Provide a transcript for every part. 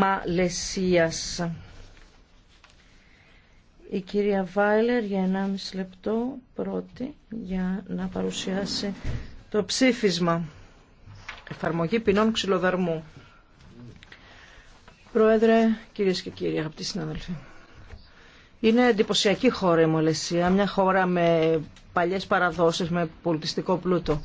Μαλεσίας. Η κυρία Βάιλερ για 1,5 λεπτό πρώτη για να παρουσιάσει το ψήφισμα. Εφαρμογή ποινών ξυλοδαρμού. Πρόεδρε, κυρίες και κύριοι, αγαπητοί συνάδελφοι. Είναι εντυπωσιακή χώρα η Μολεσία, μια χώρα με παλιές παραδόσεις, με πολιτιστικό πλούτο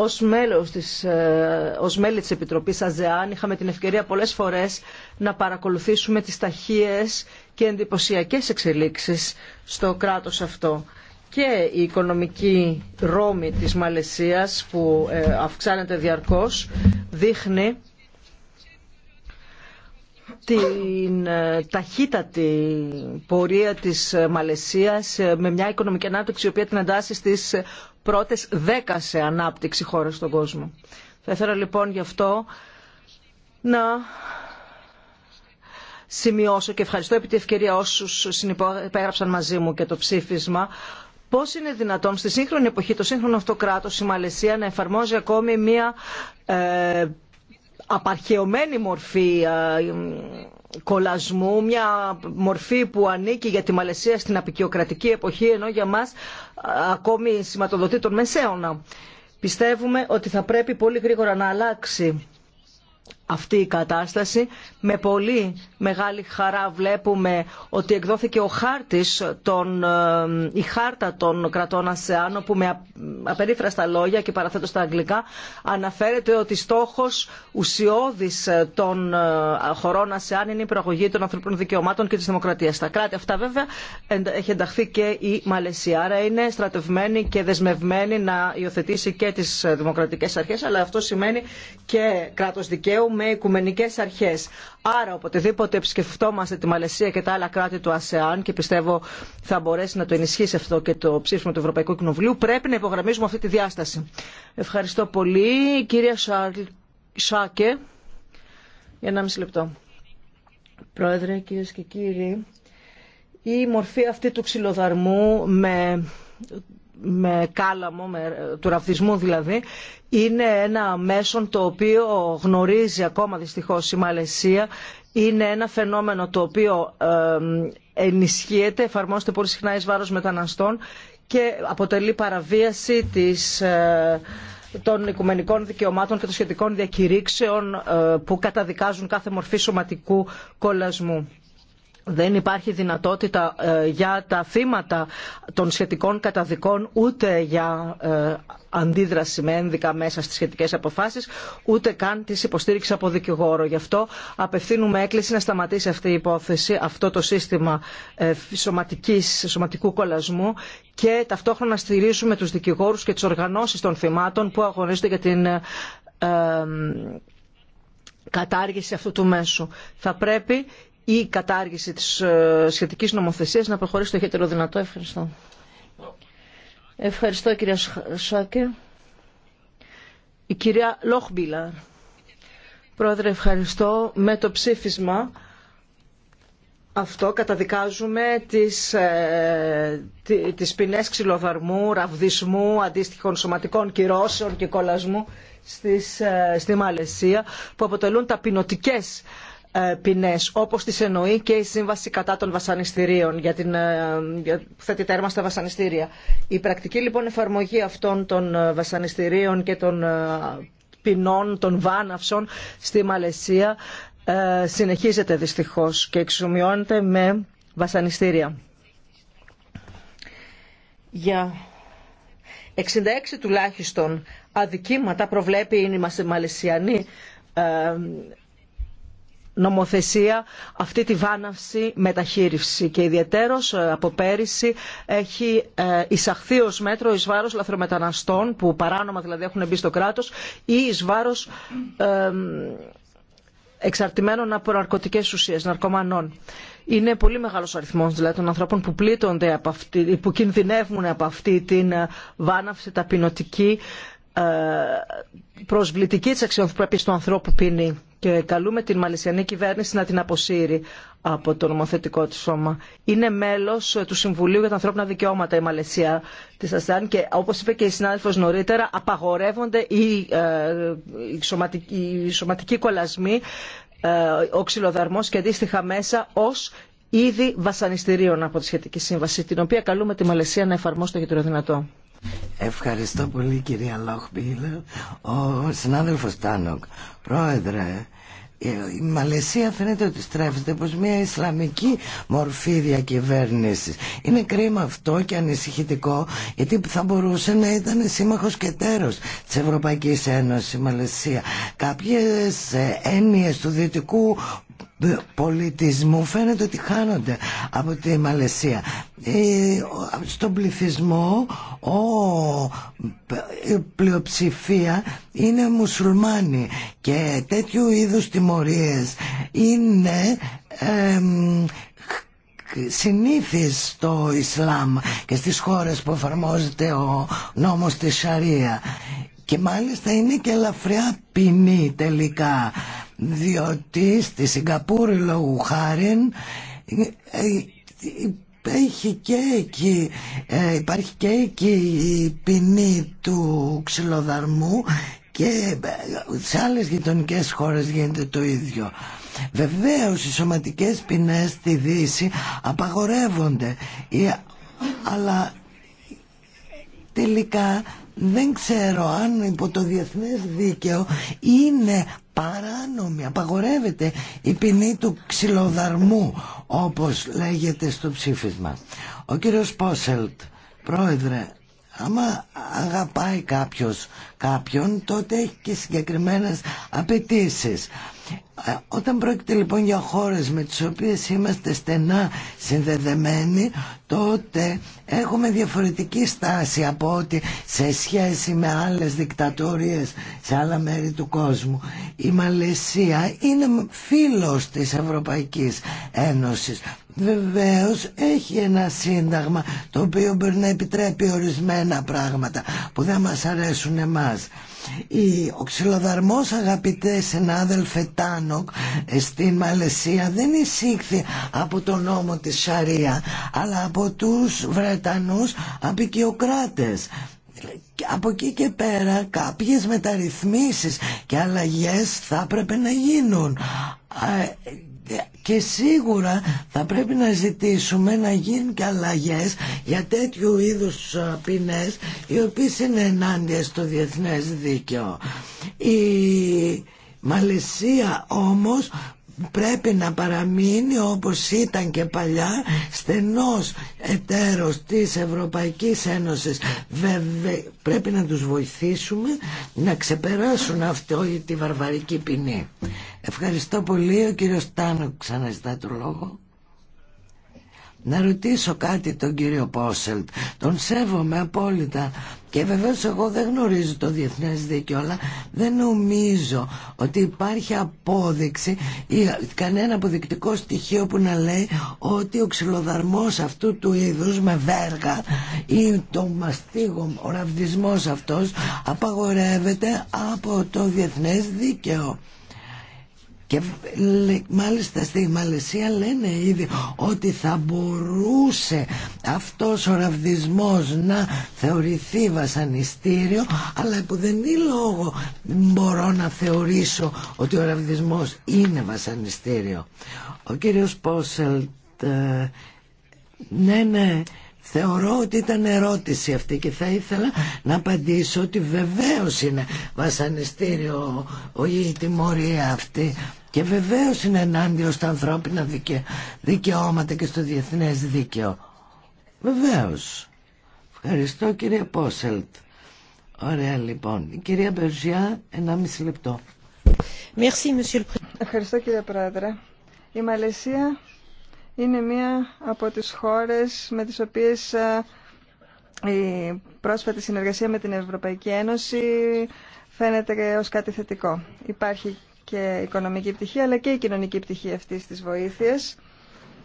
ως, μέλος της, ε, ως μέλη της Επιτροπής ΑΖΕΑΝ είχαμε την ευκαιρία πολλές φορές να παρακολουθήσουμε τις ταχείες και εντυπωσιακές εξελίξεις στο κράτος αυτό. Και η οικονομική ρόμη της Μαλαισίας που ε, αυξάνεται διαρκώς δείχνει την ε, ταχύτατη πορεία της Μαλαισίας με μια οικονομική ανάπτυξη η οποία την εντάσσει στις πρώτες δέκα σε ανάπτυξη χώρες στον κόσμο. Θα ήθελα λοιπόν γι' αυτό να σημειώσω και ευχαριστώ επί τη ευκαιρία όσους συνυπέγραψαν μαζί μου και το ψήφισμα πώς είναι δυνατόν στη σύγχρονη εποχή το σύγχρονο αυτοκράτος η Μαλαισία να εφαρμόζει ακόμη μία ε, απαρχαιωμένη μορφή ε, κολασμού, μια μορφή που ανήκει για τη Μαλαισία στην απεικιοκρατική εποχή, ενώ για μας ακόμη σηματοδοτεί τον Μεσαίωνα. Πιστεύουμε ότι θα πρέπει πολύ γρήγορα να αλλάξει αυτή η κατάσταση. Με πολύ μεγάλη χαρά βλέπουμε ότι εκδόθηκε ο χάρτης, ε, η χάρτα των κρατών ΑΣΕΑΝ, που με απερίφραστα λόγια και παραθέτω στα αγγλικά, αναφέρεται ότι στόχος ουσιώδης των ε, χωρών ΑΣΕΑΝ είναι η προαγωγή των ανθρωπίνων δικαιωμάτων και της δημοκρατίας. Στα κράτη αυτά βέβαια έχει ενταχθεί και η Μαλαισία, άρα είναι στρατευμένη και δεσμευμένη να υιοθετήσει και τις δημοκρατικές αρχές, αλλά αυτό σημαίνει και κράτος δικαίου με οικουμενικέ αρχές. Άρα οποτεδήποτε επισκεφτόμαστε τη Μαλαισία και τα άλλα κράτη του ΑΣΕΑΝ και πιστεύω θα μπορέσει να το ενισχύσει αυτό και το ψήφισμα του Ευρωπαϊκού Κοινοβουλίου πρέπει να υπογραμμίζουμε αυτή τη διάσταση. Ευχαριστώ πολύ. Κυρία Σάκε, για ένα μισή λεπτό. Πρόεδρε, κυρίε και κύριοι, η μορφή αυτή του ξυλοδαρμού με με κάλαμο, ε, του ραφτισμού δηλαδή, είναι ένα μέσον το οποίο γνωρίζει ακόμα δυστυχώς η Μαλαισία. Είναι ένα φαινόμενο το οποίο ενισχύεται, εφαρμόζεται πολύ συχνά εις βάρος μεταναστών και αποτελεί παραβίαση της, ε, των οικουμενικών δικαιωμάτων και των σχετικών διακηρύξεων ε, που καταδικάζουν κάθε μορφή σωματικού κολασμού δεν υπάρχει δυνατότητα ε, για τα θύματα των σχετικών καταδικών ούτε για ε, αντίδραση με ένδικα μέσα στις σχετικές αποφάσεις ούτε καν της υποστήριξη από δικηγόρο. Γι' αυτό απευθύνουμε έκκληση να σταματήσει αυτή η υπόθεση, αυτό το σύστημα ε, σωματικού κολασμού και ταυτόχρονα να στηρίζουμε τους δικηγόρους και τις οργανώσεις των θυμάτων που αγωνίζονται για την κατάργηση αυτού του μέσου. Θα πρέπει η κατάργηση της ε, σχετικής νομοθεσίας να προχωρήσει το χέτερο δυνατό. Ευχαριστώ. Ευχαριστώ κυρία Σάκε. Η κυρία λοχμπιλα Πρόεδρε, ευχαριστώ. Με το ψήφισμα αυτό καταδικάζουμε τις, ε, τις ποινές ξυλοδαρμού, ραβδισμού, αντίστοιχων σωματικών κυρώσεων και κολασμού στις, ε, στη Μαλαισία που αποτελούν τα ταπεινωτικές ε, ποινές, όπως τις εννοεί και η Σύμβαση κατά των βασανιστήριων για την ε, θέτει τέρμα στα βασανιστήρια. Η πρακτική λοιπόν εφαρμογή αυτών των ε, βασανιστήριων και των ποινών, των βάναυσων στη Μαλαισία συνεχίζεται δυστυχώς και εξομοιώνεται με βασανιστήρια. Για 66 τουλάχιστον αδικήματα προβλέπει η Μαλαισιανή νομοθεσία αυτή τη βάναυση μεταχείριση και ιδιαιτέρως ε, από πέρυσι έχει ε, εισαχθεί ως μέτρο εις βάρος λαθρομεταναστών που παράνομα δηλαδή έχουν μπει στο κράτος ή εις βάρος εξαρτημένων από ναρκωτικές ουσίες, ναρκωμανών. Είναι πολύ μεγάλος αριθμός δηλαδή των ανθρώπων που πλήττονται, από αυτή, που κινδυνεύουν από αυτή την ε, βάναυση ταπεινωτική προσβλητική της αξιοπρέπειας του ανθρώπου πίνει και καλούμε την Μαλαισιανή κυβέρνηση να την αποσύρει από το νομοθετικό του σώμα. Είναι μέλο του Συμβουλίου για τα Ανθρώπινα Δικαιώματα η Μαλαισία τη ΑΣΤΑΝ και όπω είπε και η συνάδελφο νωρίτερα, απαγορεύονται οι, ε, οι, σωματικοί, οι κολλασμοί, ε, ο ξυλοδαρμό και αντίστοιχα μέσα ω είδη βασανιστήριων από τη σχετική σύμβαση, την οποία καλούμε τη Μαλαισία να εφαρμόσει το δυνατό. Ευχαριστώ πολύ κυρία Λόχμπιλ. Ο συνάδελφος Τάνοκ, πρόεδρε, ε, η Μαλαισία φαίνεται ότι στρέφεται προς μια Ισλαμική μορφή διακυβέρνησης. Είναι κρίμα αυτό και ανησυχητικό γιατί θα μπορούσε να ήταν σύμμαχος και τέρος της Ευρωπαϊκής Ένωσης η Μαλαισία. Κάποιες ε, έννοιες του δυτικού πολιτισμού φαίνεται ότι χάνονται από τη Μαλαισία. Ε, στον πληθυσμό ο, η πλειοψηφία είναι μουσουλμάνοι και τέτοιου είδους τιμωρίες είναι ε, συνήθις στο Ισλάμ και στις χώρες που εφαρμόζεται ο νόμος της Σαρία και μάλιστα είναι και ελαφριά ποινή τελικά διότι στη Σιγκαπούρη λόγου χάριν ε, ε, Υπάρχει και εκεί, ε, υπάρχει και η ποινή του ξυλοδαρμού και σε άλλες γειτονικέ χώρες γίνεται το ίδιο. Βεβαίως οι σωματικές ποινές στη Δύση απαγορεύονται αλλά τελικά δεν ξέρω αν υπό το διεθνές δίκαιο είναι παράνομη, απαγορεύεται η ποινή του ξυλοδαρμού όπως λέγεται στο ψήφισμα. Ο κύριος Πόσελτ, πρόεδρε, άμα αγαπάει κάποιος κάποιον τότε έχει και συγκεκριμένες απαιτήσεις. Ε, όταν πρόκειται λοιπόν για χώρες με τις οποίες είμαστε στενά συνδεδεμένοι τότε έχουμε διαφορετική στάση από ότι σε σχέση με άλλες δικτατορίες σε άλλα μέρη του κόσμου η Μαλαισία είναι φίλος της Ευρωπαϊκής Ένωσης βεβαίως έχει ένα σύνταγμα το οποίο μπορεί να επιτρέπει ορισμένα πράγματα που δεν μας αρέσουν εμάς. Ο ξυλοδαρμός αγαπητέ συνάδελφε Τάνοκ στην Μαλαισία δεν εισήχθη από τον νόμο της Σαρία αλλά από τους Βρετανούς απεικιοκράτες από εκεί και πέρα κάποιες μεταρρυθμίσεις και αλλαγές θα έπρεπε να γίνουν και σίγουρα θα πρέπει να ζητήσουμε να γίνουν και αλλαγέ για τέτοιου είδους ποινές οι οποίες είναι ενάντια στο διεθνές δίκαιο. Η Μαλαισία όμως πρέπει να παραμείνει όπως ήταν και παλιά στενός εταίρος της Ευρωπαϊκής Ένωσης πρέπει να τους βοηθήσουμε να ξεπεράσουν αυτή τη βαρβαρική ποινή ευχαριστώ πολύ ο κύριος Τάνο ξαναζητά το λόγο να ρωτήσω κάτι τον κύριο Πόσελτ. Τον σέβομαι απόλυτα και βεβαίω εγώ δεν γνωρίζω το διεθνές δίκαιο αλλά δεν νομίζω ότι υπάρχει απόδειξη ή κανένα αποδεικτικό στοιχείο που να λέει ότι ο ξυλοδαρμό αυτού του είδους με βέργα ή το μαστίγο ο ραβδισμός αυτός απαγορεύεται από το διεθνές δίκαιο. Και μάλιστα στη Μαλαισία λένε ήδη ότι θα μπορούσε αυτός ο ραβδισμός να θεωρηθεί βασανιστήριο αλλά που δεν είναι λόγο μπορώ να θεωρήσω ότι ο ραβδισμός είναι βασανιστήριο. Ο κύριος Πόσελτ ε, ναι ναι Θεωρώ ότι ήταν ερώτηση αυτή και θα ήθελα να απαντήσω ότι βεβαίως είναι βασανιστήριο η τιμωρία αυτή και βεβαίως είναι ενάντια στα ανθρώπινα δικαιώματα και στο διεθνές δίκαιο. Βεβαίως. Ευχαριστώ κύριε Πόσελτ. Ωραία λοιπόν. Η κυρία Μπερζιά, μισή λεπτό. Ευχαριστώ κύριε Πρόεδρε. Η Μαλαισία είναι μία από τις χώρες με τις οποίες ε, η πρόσφατη συνεργασία με την Ευρωπαϊκή Ένωση φαίνεται ως κάτι θετικό. Υπάρχει και οικονομική πτυχή αλλά και η κοινωνική πτυχή αυτής της βοήθειας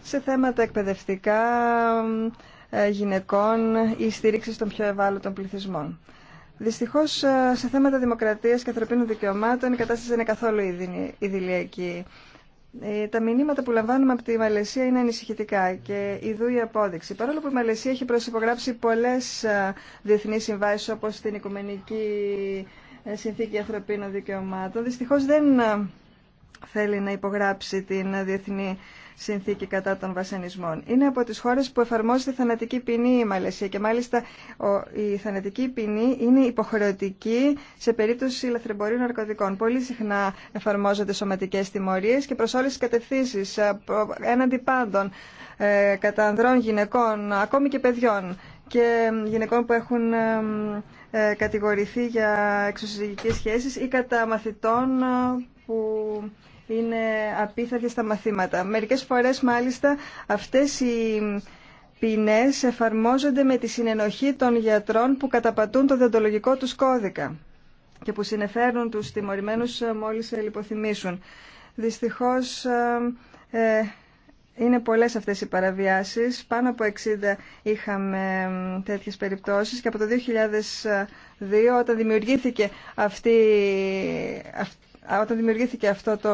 σε θέματα εκπαιδευτικά ε, γυναικών ή στήριξη των πιο ευάλωτων πληθυσμών. Δυστυχώ, ε, σε θέματα δημοκρατία και ανθρωπίνων δικαιωμάτων, η κατάσταση δεν είναι καθόλου ειδηλιακή. Ε, τα μηνύματα που λαμβάνουμε από τη Μαλαισία είναι ανησυχητικά και ιδού η απόδειξη. Παρόλο που η Μαλαισία έχει προσυπογράψει πολλές διεθνείς συμβάσεις όπως την Οικουμενική ε, Συνθήκη Ανθρωπίνων Δικαιωμάτων, δυστυχώς δεν θέλει να υπογράψει την Διεθνή συνθήκη κατά των βασανισμών. Είναι από τις χώρες που εφαρμόζεται θανατική ποινή η Μαλαισία και μάλιστα η θανατική ποινή είναι υποχρεωτική σε περίπτωση λαθρεμπορίων ναρκωτικών. Πολύ συχνά εφαρμόζονται σωματικές τιμωρίες και προς όλες τις κατευθύνσεις ε, έναντι πάντων ε, κατά ανδρών, γυναικών, ακόμη και παιδιών και γυναικών που έχουν ε, κατηγορηθεί για εξωσυζυγικές σχέσεις ή κατά μαθητών που είναι απίθαρτη στα μαθήματα. Μερικές φορές μάλιστα αυτές οι ποινές εφαρμόζονται με τη συνενοχή των γιατρών που καταπατούν το διοντολογικό τους κώδικα και που συνεφέρουν τους τιμωρημένους μόλις λιποθυμήσουν. Δυστυχώς ε, ε, είναι πολλές αυτές οι παραβιάσεις. Πάνω από 60 είχαμε τέτοιες περιπτώσεις και από το 2002 όταν δημιουργήθηκε αυτή, όταν δημιουργήθηκε αυτό το,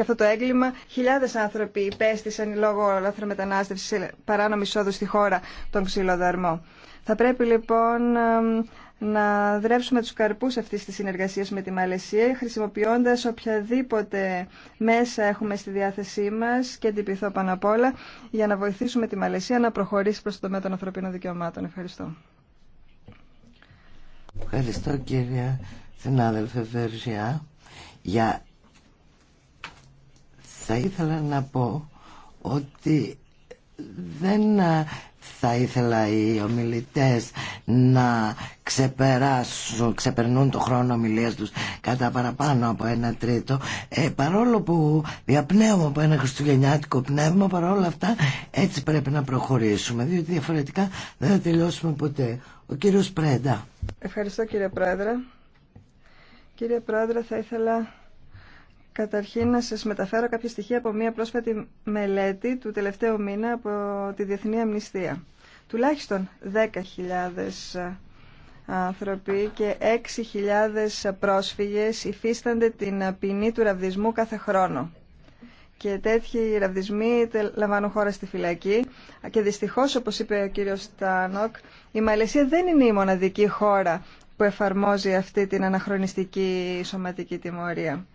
αυτό το έγκλημα, χιλιάδες άνθρωποι υπέστησαν λόγω λάθρα μετανάστευσης παράνομη εισόδου στη χώρα τον ξυλοδαρμό. Θα πρέπει λοιπόν να δρέψουμε τους καρπούς αυτής της συνεργασίας με τη Μαλαισία χρησιμοποιώντας οποιαδήποτε μέσα έχουμε στη διάθεσή μας και αντιπιθώ πάνω απ' όλα για να βοηθήσουμε τη Μαλαισία να προχωρήσει προς το τομέα των ανθρωπίνων δικαιωμάτων. Ευχαριστώ. Ευχαριστώ Συνάδελφε Βερζιά για θα ήθελα να πω ότι δεν ε, θα ήθελα οι ομιλητές να ξεπεράσουν, ξεπερνούν το χρόνο ομιλίας τους κατά παραπάνω από ένα τρίτο ε, παρόλο που διαπνέουμε από ένα χριστουγεννιάτικο πνεύμα παρόλα αυτά έτσι πρέπει να προχωρήσουμε διότι διαφορετικά δεν θα τελειώσουμε ποτέ ο κύριος Πρέντα Ευχαριστώ κύριε Πρόεδρε Κύριε Πρόεδρε, θα ήθελα καταρχήν να σας μεταφέρω κάποια στοιχεία από μια πρόσφατη μελέτη του τελευταίου μήνα από τη Διεθνή Αμνηστία. Τουλάχιστον 10.000 άνθρωποι και 6.000 πρόσφυγες υφίστανται την ποινή του ραβδισμού κάθε χρόνο. Και τέτοιοι ραβδισμοί λαμβάνουν χώρα στη φυλακή. Και δυστυχώς, όπως είπε ο κύριος Τάνοκ, η Μαλαισία δεν είναι η μοναδική χώρα που εφαρμόζει αυτή την αναχρονιστική σωματική τιμωρία.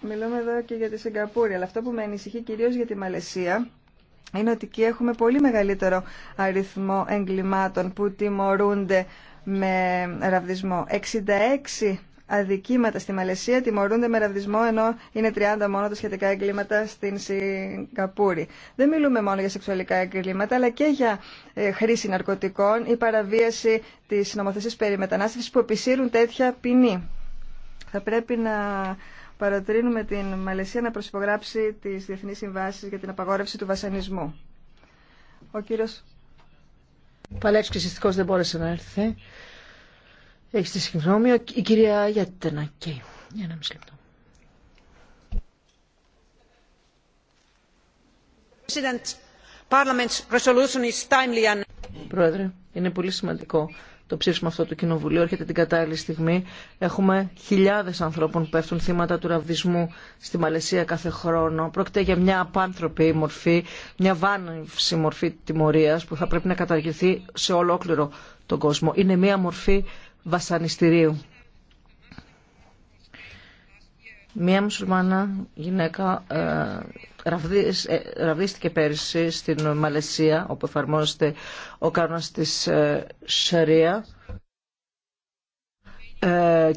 Μιλούμε εδώ και για τη Σιγκαπούρη, αλλά αυτό που με ανησυχεί κυρίως για τη Μαλαισία είναι ότι εκεί έχουμε πολύ μεγαλύτερο αριθμό εγκλημάτων που τιμωρούνται με ραβδισμό. 66 αδικήματα στη Μαλαισία τιμωρούνται με ραβδισμό ενώ είναι 30 μόνο τα σχετικά εγκλήματα στην Σιγκαπούρη. Δεν μιλούμε μόνο για σεξουαλικά εγκλήματα αλλά και για ε, χρήση ναρκωτικών ή παραβίαση της νομοθεσίας περί μετανάστευσης που επισύρουν τέτοια ποινή. Θα πρέπει να παροτρύνουμε την Μαλαισία να προσυπογράψει τις διεθνείς συμβάσεις για την απαγόρευση του βασανισμού. Ο κύριος δεν μπόρεσε να έρθει. Έχει τη συγγνώμη η κυρία Γιατενακή. Για ένα μισή λεπτό. Πρόεδρε, είναι πολύ σημαντικό το ψήφισμα αυτό του Κοινοβουλίου. Έρχεται την κατάλληλη στιγμή. Έχουμε χιλιάδε ανθρώπων που πέφτουν θύματα του ραβδισμού στη Μαλαισία κάθε χρόνο. Πρόκειται για μια απάνθρωπη μορφή, μια βάνευση μορφή τιμωρία που θα πρέπει να καταργηθεί σε ολόκληρο τον κόσμο. Είναι μια μορφή βασανιστηρίου. Μία μουσουλμάνα γυναίκα ε, ε, ραβδίστηκε πέρυσι στην Μαλαισία όπου εφαρμόζεται ο κανόνας της ε, Σαρία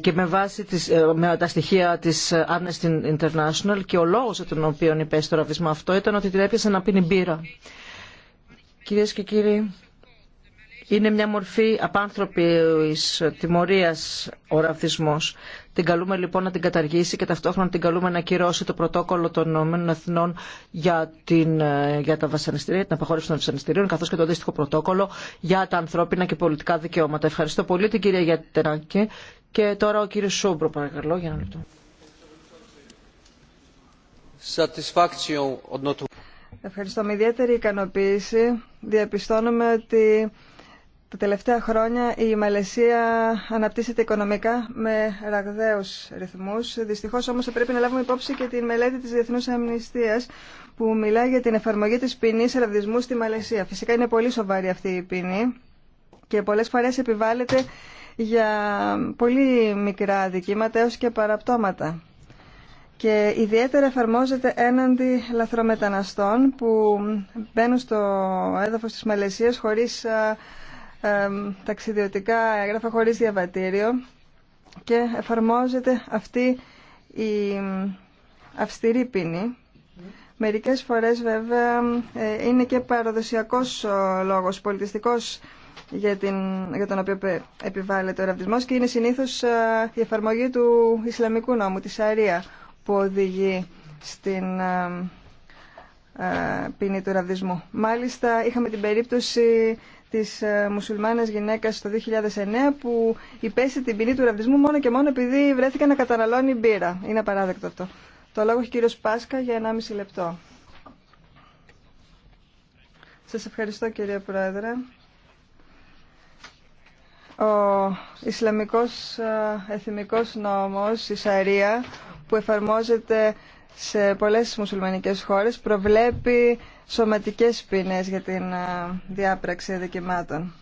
και με βάση τις, με τα στοιχεία της Amnesty International και ο λόγος για τον οποίο υπέστη το ραβδισμό αυτό ήταν ότι την έπιασε να πίνει μπύρα. Κυρίες και κύριοι, είναι μια μορφή απάνθρωπης τιμωρίας ο ραβδισμός. Την καλούμε λοιπόν να την καταργήσει και ταυτόχρονα την καλούμε να ακυρώσει το πρωτόκολλο των ΗΠΑ για, την, ε, για τα βασανιστήρια, την απαγόρευση των βασανιστήριων, καθώς και το αντίστοιχο πρωτόκολλο για τα ανθρώπινα και πολιτικά δικαιώματα. Ευχαριστώ πολύ την κυρία Γιατεράκη. Και τώρα ο κύριος Σούμπρο, παρακαλώ, για ένα λεπτό. Ευχαριστώ με ιδιαίτερη ικανοποίηση. Διαπιστώνουμε ότι τα τελευταία χρόνια η Μαλαισία αναπτύσσεται οικονομικά με ραγδαίου ρυθμούς. Δυστυχώ όμω πρέπει να λάβουμε υπόψη και τη μελέτη τη Διεθνούς Αμνηστία που μιλά για την εφαρμογή τη ποινή ραβδισμού στη Μαλαισία. Φυσικά είναι πολύ σοβαρή αυτή η ποινή και πολλέ φορέ επιβάλλεται για πολύ μικρά δικήματα έως και παραπτώματα. Και ιδιαίτερα εφαρμόζεται έναντι λαθρομεταναστών που μπαίνουν στο έδαφος της Μαλαισίας χωρίς ταξιδιωτικά έγγραφα χωρίς διαβατήριο και εφαρμόζεται αυτή η αυστηρή πίνη. Μερικές φορές βέβαια ε, είναι και παραδοσιακός ο λόγος, πολιτιστικός για, την, για τον οποίο επιβάλλεται ο ραβδισμός και είναι συνήθως ε, η εφαρμογή του Ισλαμικού νόμου, της Σαρία, που οδηγεί στην ε, πίνη του ραβδισμού. Μάλιστα είχαμε την περίπτωση της ε, μουσουλμάνας γυναίκας το 2009 που υπέστη την ποινή του ραβδισμού μόνο και μόνο επειδή βρέθηκε να καταναλώνει μπύρα. Είναι απαράδεκτο αυτό. Το λόγο έχει ο κύριος Πάσκα για 1,5 λεπτό. Σας ευχαριστώ κύριε Πρόεδρε. Ο Ισλαμικός ε, Εθνικός Νόμος, η Σαρία, που εφαρμόζεται σε πολλές μουσουλμανικές χώρες προβλέπει σωματικές ποινές για την διάπραξη αδικημάτων.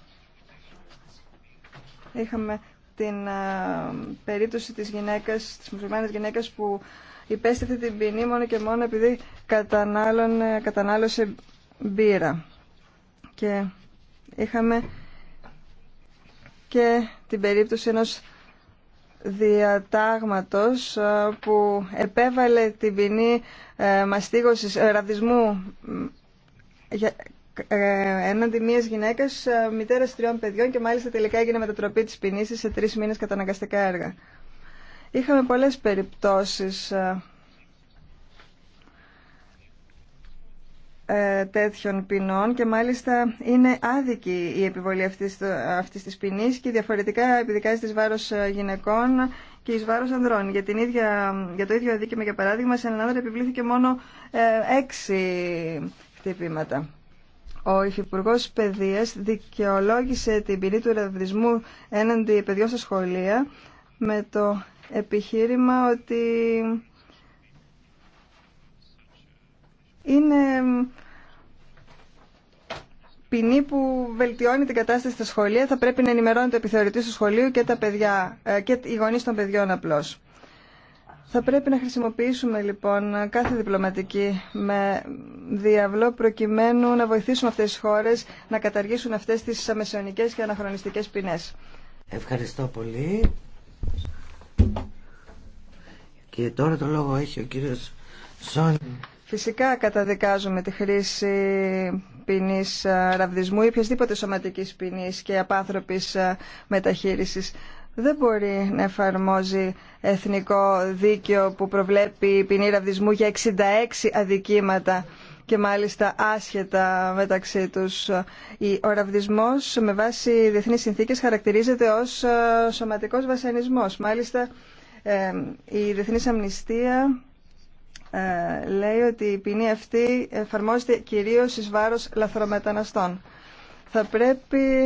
Είχαμε την περίπτωση της γυναίκας, της γυναίκας που υπέστηθε την ποινή μόνο και μόνο επειδή ε, κατανάλωσε μπύρα. Και είχαμε και την περίπτωση ενός διατάγματος ε, που επέβαλε την ποινή ε, μαστίγωσης, ε, ραβδισμού έναντι μιας γυναίκας μητέρας τριών παιδιών και μάλιστα τελικά έγινε μετατροπή της ποινής σε τρεις μήνες καταναγκαστικά έργα. Είχαμε πολλές περιπτώσεις Ε, τέτοιων ποινών και μάλιστα είναι άδικη η επιβολή αυτής, αυτής της ποινής και διαφορετικά επιδικάζεται εις βάρος ε, γυναικών και εις βάρος ανδρών. Για, την ίδια, για το ίδιο αδίκημα, για παράδειγμα, σε έναν άνδρα επιβλήθηκε μόνο ε, έξι χτυπήματα. Ο Υφυπουργό Παιδεία δικαιολόγησε την ποινή του ραβδισμού έναντι παιδιών στα σχολεία με το επιχείρημα ότι είναι ποινή που βελτιώνει την κατάσταση στα σχολεία θα πρέπει να ενημερώνει το επιθεωρητή του σχολείου και, τα παιδιά, ε, και οι γονείς των παιδιών απλώς. Θα πρέπει να χρησιμοποιήσουμε λοιπόν κάθε διπλωματική με διαβλό προκειμένου να βοηθήσουμε αυτές τις χώρες να καταργήσουν αυτές τις αμεσαιωνικές και αναχρονιστικές ποινές. Ευχαριστώ πολύ. Και τώρα το λόγο έχει ο κύριος Σόνι. Φυσικά καταδικάζουμε τη χρήση ποινή ε, ραβδισμού ή οποιασδήποτε σωματική ποινή και απάνθρωπη ε, μεταχείριση. Δεν μπορεί να εφαρμόζει εθνικό δίκαιο που προβλέπει ποινή ραβδισμού για 66 αδικήματα και μάλιστα άσχετα μεταξύ τους. Ο ραβδισμός με βάση διεθνείς συνθήκες χαρακτηρίζεται ως ε, σωματικός βασανισμός. Μάλιστα η Διεθνής Αμνηστία ε, λέει ότι η ποινή αυτή εφαρμόζεται κυρίως εις βάρος λαθρομεταναστών. Θα πρέπει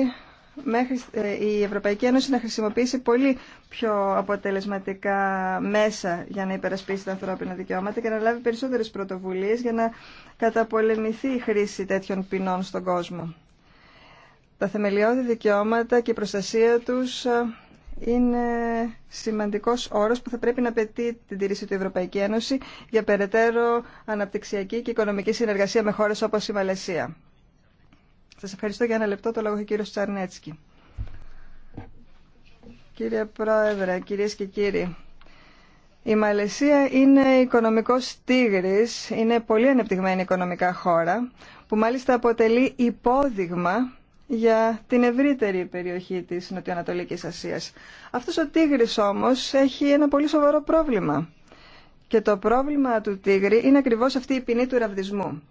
ε, η Ευρωπαϊκή Ένωση να χρησιμοποιήσει πολύ πιο αποτελεσματικά μέσα για να υπερασπίσει τα ανθρώπινα δικαιώματα και να λάβει περισσότερες πρωτοβουλίες για να καταπολεμηθεί η χρήση τέτοιων ποινών στον κόσμο. Τα θεμελιώδη δικαιώματα και η προστασία τους ε, είναι σημαντικός όρος που θα πρέπει να απαιτεί την τηρήση του Ευρωπαϊκή Ένωση για περαιτέρω αναπτυξιακή και οικονομική συνεργασία με χώρες όπως η Μαλαισία. Σας ευχαριστώ για ένα λεπτό. Το λόγο έχει ο κύριος Τσαρνέτσκι. Κύριε Πρόεδρε, κυρίες και κύριοι, η Μαλαισία είναι οικονομικός τίγρης, είναι πολύ ανεπτυγμένη οικονομικά χώρα, που μάλιστα αποτελεί υπόδειγμα για την ευρύτερη περιοχή της Νοτιοανατολικής Ασίας. Αυτός ο τίγρης όμως έχει ένα πολύ σοβαρό πρόβλημα. Και το πρόβλημα του τίγρη είναι ακριβώς αυτή η ποινή του ραβδισμού.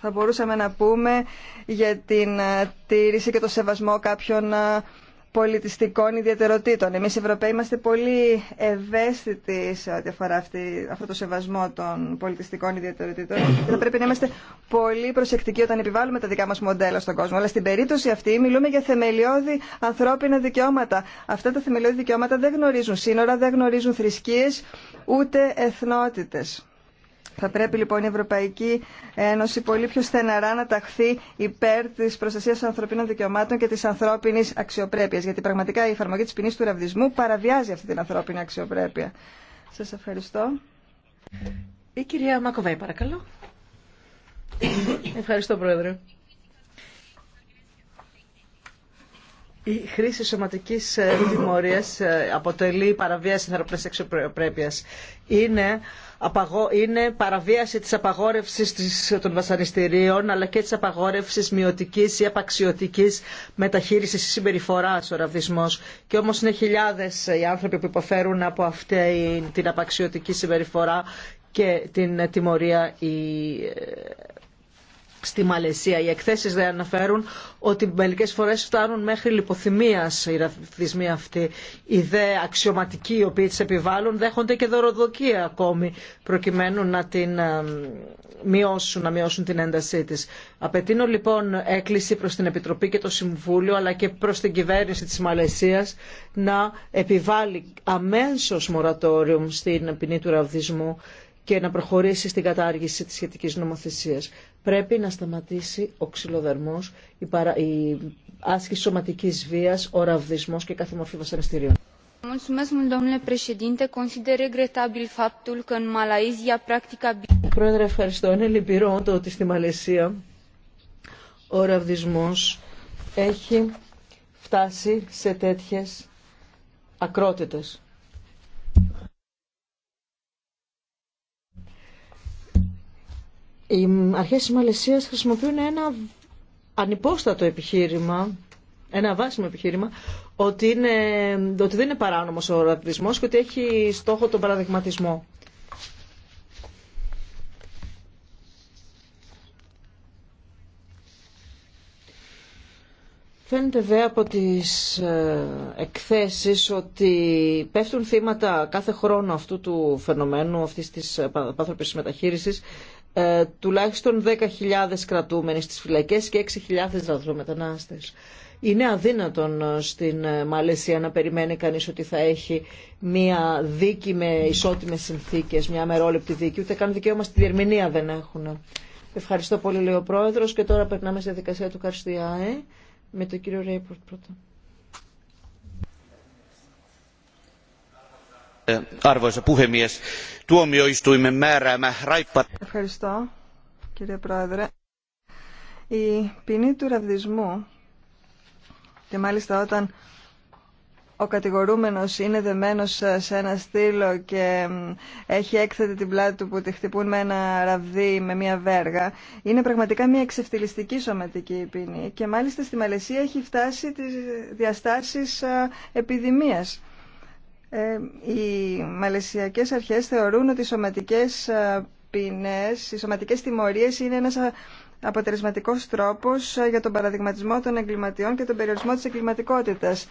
Θα μπορούσαμε να πούμε για την ε, τήρηση και το σεβασμό κάποιων ε, πολιτιστικών ιδιαιτεροτήτων. Εμείς οι Ευρωπαίοι είμαστε πολύ ευαίσθητοι σε ό,τι αφορά αυτή, αυτό το σεβασμό των πολιτιστικών ιδιαιτεροτήτων και θα πρέπει να είμαστε πολύ προσεκτικοί όταν επιβάλλουμε τα δικά μας μοντέλα στον κόσμο. Αλλά στην περίπτωση αυτή μιλούμε για θεμελιώδη ανθρώπινα δικαιώματα. Αυτά τα θεμελιώδη δικαιώματα δεν γνωρίζουν σύνορα, δεν γνωρίζουν θρησκείες ούτε εθνότητες. Θα πρέπει λοιπόν η Ευρωπαϊκή Ένωση πολύ πιο στεναρά να ταχθεί υπέρ τη προστασία των ανθρωπίνων δικαιωμάτων και τη ανθρώπινη αξιοπρέπεια. Γιατί πραγματικά η εφαρμογή τη ποινή του ραβδισμού παραβιάζει αυτή την ανθρώπινη αξιοπρέπεια. Σα ευχαριστώ. Η κυρία Μακοβέη, παρακαλώ. Ευχαριστώ, Πρόεδρε. Η χρήση σωματική ε, τιμωρία ε, αποτελεί παραβίαση ανθρωπίνη αξιοπρέπεια. Είναι είναι παραβίαση της απαγόρευσης των βασανιστήριων αλλά και της απαγόρευσης μειωτικής ή απαξιωτικής μεταχείρισης ή συμπεριφοράς ο ραβδισμός. Και όμως είναι χιλιάδες οι άνθρωποι που υποφέρουν από αυτή την απαξιωτική συμπεριφορά και την τιμωρία η ε, στη Μαλαισία. Οι εκθέσεις δεν αναφέρουν ότι μερικές φορές φτάνουν μέχρι λιποθυμίας οι ραβδισμοί αυτοί. Οι δε αξιωματικοί οι οποίοι τις επιβάλλουν δέχονται και δωροδοκία ακόμη προκειμένου να την ε, μειώσουν, να μειώσουν την έντασή της. Απαιτείνω λοιπόν έκκληση προς την Επιτροπή και το Συμβούλιο αλλά και προς την κυβέρνηση της Μαλαισίας να επιβάλλει αμέσως μορατόριο στην ποινή του ραβδισμού και να προχωρήσει στην κατάργηση της σχετικής νομοθεσίας. Πρέπει να σταματήσει ο ξυλοδερμός, η, άσκηση σωματικής βίας, ο ραβδισμός και κάθε μορφή βασανιστήριων. Πρόεδρε, ευχαριστώ. Είναι λυπηρό το ότι στη Μαλαισία ο ραβδισμός έχει φτάσει σε τέτοιες ακρότητες. Οι αρχές της Μαλαισίας χρησιμοποιούν ένα ανυπόστατο επιχείρημα, ένα βάσιμο επιχείρημα, ότι, είναι, ότι δεν είναι παράνομος ο ραπτισμός και ότι έχει στόχο τον παραδειγματισμό. Φαίνεται βέβαια από τις ε, εκθέσεις ότι πέφτουν θύματα κάθε χρόνο αυτού του φαινομένου, αυτής της ε, πάθρωπης μεταχείρισης, ε, τουλάχιστον 10.000 κρατούμενοι στις φυλακές και 6.000 λαθρομετανάστες. Είναι αδύνατον ε, στην ε, Μαλαισία να περιμένει κανείς ότι θα έχει μία δίκη με ισότιμες συνθήκες, μία μερόλεπτη δίκη, ούτε καν δικαίωμα στη διερμηνία δεν έχουν. Ευχαριστώ πολύ λέει ο Πρόεδρος και τώρα περνάμε στη δικασία του Καρστιάε με τον κύριο Ρέιπορτ πρώτα. Ε, Ευχαριστώ, κύριε Πρόεδρε. Η ποινή του ραβδισμού και μάλιστα όταν ο κατηγορούμενος είναι δεμένος σε ένα στήλο και έχει έκθετη την πλάτη του που τη χτυπούν με ένα ραβδί με μια βέργα, είναι πραγματικά μια εξευθυλιστική σωματική ποινή και μάλιστα στη Μαλαισία έχει φτάσει τις διαστάσεις ε, επιδημίας. Ε, οι μαλαισιακές αρχές θεωρούν ότι οι σωματικές ε, ποινές, οι σωματικές τιμωρίες είναι ένας ε, αποτελεσματικός τρόπος για τον παραδειγματισμό των εγκληματιών και τον περιορισμό της εγκληματικότητας.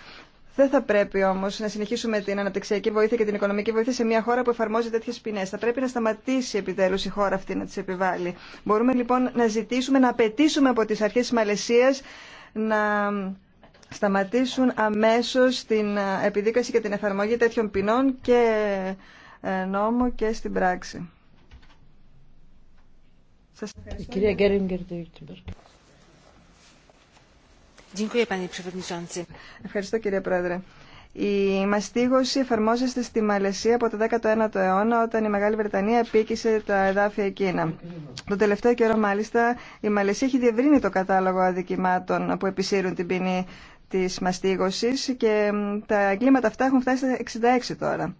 Δεν θα πρέπει όμω να συνεχίσουμε την αναπτυξιακή βοήθεια και την οικονομική βοήθεια σε μια χώρα που εφαρμόζει τέτοιε ποινέ. Θα πρέπει να σταματήσει επιτέλου η χώρα αυτή να τι επιβάλλει. Μπορούμε λοιπόν να ζητήσουμε, να απαιτήσουμε από τι αρχέ τη Μαλαισία να σταματήσουν αμέσως την ε, επιδίκαση και την εφαρμογή τέτοιων ποινών και ε, νόμο και στην πράξη. ευχαριστώ. Ευχαριστώ κύριε Πρόεδρε. Η μαστίγωση εφαρμόζεται στη Μαλαισία από το 19ο αιώνα όταν η Μεγάλη Βρετανία επίκησε τα εδάφια εκείνα. Το τελευταίο καιρό μάλιστα η Μαλαισία έχει διευρύνει το κατάλογο αδικημάτων που επισύρουν την ποινή της μαστίγωσης και τα εγκλήματα αυτά έχουν φτάσει στα 66 τώρα.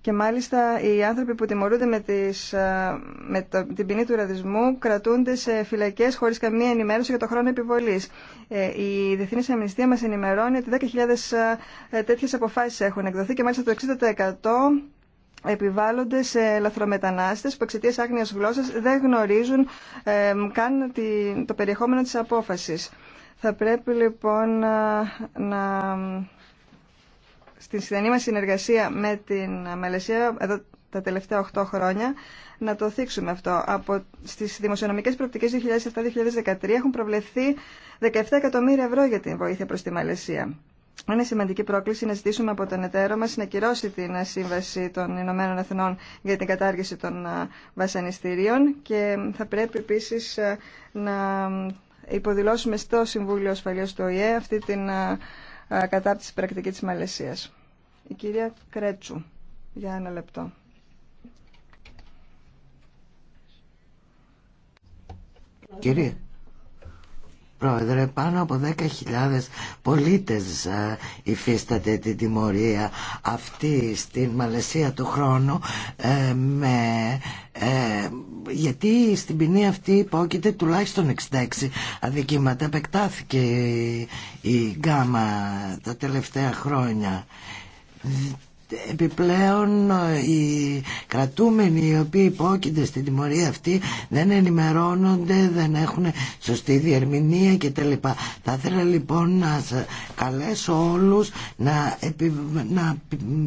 Και μάλιστα οι άνθρωποι που τιμωρούνται με, τις, με την ποινή του ραδισμού κρατούνται σε φυλακές χωρίς καμία ενημέρωση για το χρόνο επιβολής. Ε, η Διεθνή Αμνηστία μας ενημερώνει ότι 10.000 ε, τέτοιες αποφάσεις έχουν εκδοθεί και μάλιστα το 60% επιβάλλονται σε λαθρομετανάστες που εξαιτία άγνοιας γλώσσας δεν γνωρίζουν ε, καν το περιεχόμενο της απόφασης. Θα πρέπει λοιπόν να, να στην στενή μας συνεργασία με την Μαλαισία εδώ τα τελευταία 8 χρόνια να το θίξουμε αυτό. Από στις δημοσιονομικές προοπτικές 2007-2013 έχουν προβλεφθεί 17 εκατομμύρια ευρώ για την βοήθεια προς τη Μαλαισία. Είναι σημαντική πρόκληση να ζητήσουμε από τον εταίρο μας να κυρώσει την σύμβαση των Ηνωμένων Εθνών για την κατάργηση των βασανιστήριων και θα πρέπει επίσης να υποδηλώσουμε στο Συμβούλιο Ασφαλείας του ΟΗΕ αυτή την κατάρτιση πρακτική της Μαλαισίας. Η κυρία Κρέτσου, για ένα λεπτό. Κυρία. Πρόεδρε, πάνω από 10.000 πολίτες ε, υφίσταται την τιμωρία αυτή στην Μαλαισία του χρόνου ε, με, ε, γιατί στην ποινή αυτή υπόκειται τουλάχιστον 66 αδικήματα. Επεκτάθηκε η, η γκάμα τα τελευταία χρόνια. Επιπλέον οι κρατούμενοι οι οποίοι υπόκεινται στην τιμωρία αυτή δεν ενημερώνονται, δεν έχουν σωστή διερμηνία κτλ. Θα ήθελα λοιπόν να καλέσω όλους να, να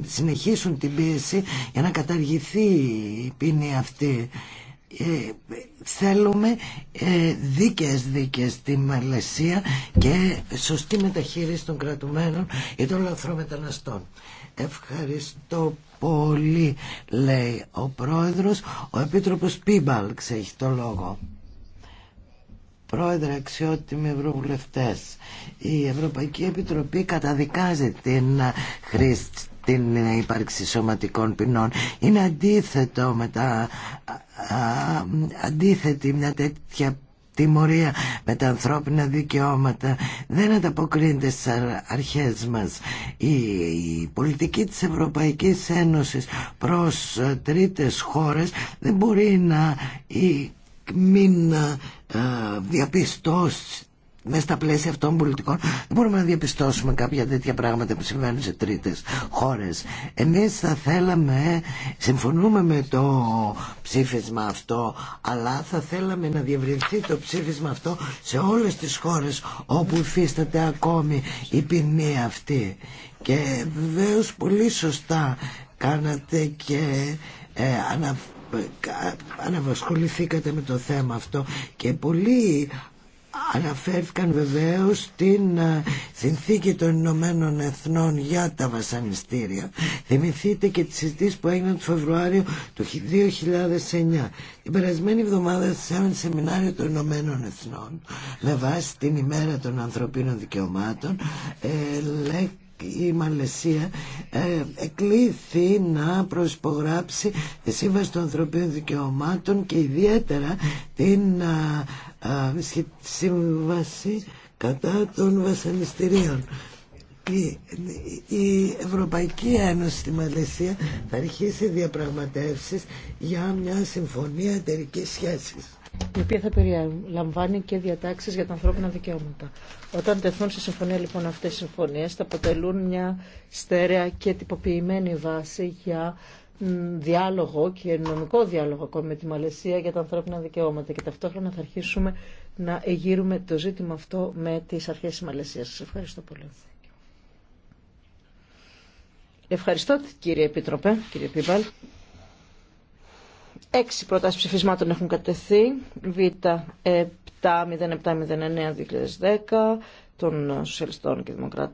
συνεχίσουν την πίεση για να καταργηθεί η πίνη αυτή. Ε, θέλουμε ε, δίκαιες δίκαιες στη Μαλαισία και σωστή μεταχείριση των κρατουμένων ή των λαθρομεταναστών. Ευχαριστώ πολύ, λέει ο Πρόεδρος. Ο Επίτροπος Πίμπαλξ έχει το λόγο. Πρόεδρε, αξιότιμοι ευρωβουλευτές, η Ευρωπαϊκή Επιτροπή καταδικάζει την χρήση την ύπαρξη σωματικών ποινών. Είναι αντίθετο με τα, αντίθετη μια τέτοια τιμωρία με τα ανθρώπινα δικαιώματα δεν ανταποκρίνεται στις αρχές μας η, πολιτική της Ευρωπαϊκής Ένωσης προς τρίτες χώρες δεν μπορεί να η, μην διαπιστώσει μέσα στα πλαίσια αυτών πολιτικών δεν μπορούμε να διαπιστώσουμε κάποια τέτοια πράγματα που συμβαίνουν σε τρίτες χώρες. Εμείς θα θέλαμε, συμφωνούμε με το ψήφισμα αυτό, αλλά θα θέλαμε να διευρυνθεί το ψήφισμα αυτό σε όλες τις χώρες όπου υφίσταται ακόμη η ποινή αυτή. Και βεβαίω πολύ σωστά κάνατε και ε, αναβασχοληθήκατε με το θέμα αυτό και πολύ αναφέρθηκαν βεβαίως στην ε, συνθήκη των Ηνωμένων Εθνών για τα βασανιστήρια. Θυμηθείτε και τις συζητήσεις που έγιναν το Φεβρουάριο του 2009. Την περασμένη εβδομάδα σε ένα σεμινάριο των Ηνωμένων Εθνών με βάση την ημέρα των ανθρωπίνων δικαιωμάτων ε, η Μαλαισία ε, εκλήθη να προσπογράψει τη Σύμβαση των Ανθρωπίνων Δικαιωμάτων και ιδιαίτερα την ε, ε, Σύμβαση κατά των βασανιστήριων. Η Ευρωπαϊκή Ένωση στη Μαλαισία θα αρχίσει διαπραγματεύσεις για μια συμφωνία εταιρική σχέσης η οποία θα περιλαμβάνει και διατάξεις για τα ανθρώπινα δικαιώματα. Όταν τεθούν σε συμφωνία λοιπόν αυτές οι συμφωνίες θα αποτελούν μια στέρεα και τυποποιημένη βάση για διάλογο και νομικό διάλογο ακόμη με τη Μαλαισία για τα ανθρώπινα δικαιώματα και ταυτόχρονα θα αρχίσουμε να εγείρουμε το ζήτημα αυτό με τις αρχές της Μαλαισίας. Σας ευχαριστώ πολύ. Ευχαριστώ κύριε Επίτροπε, κύριε Πίβαλ. Έξι προτάσεις ψηφισμάτων έχουν 7 Β7-0709-2010 των Σοσιαλιστών και Δημοκρατών.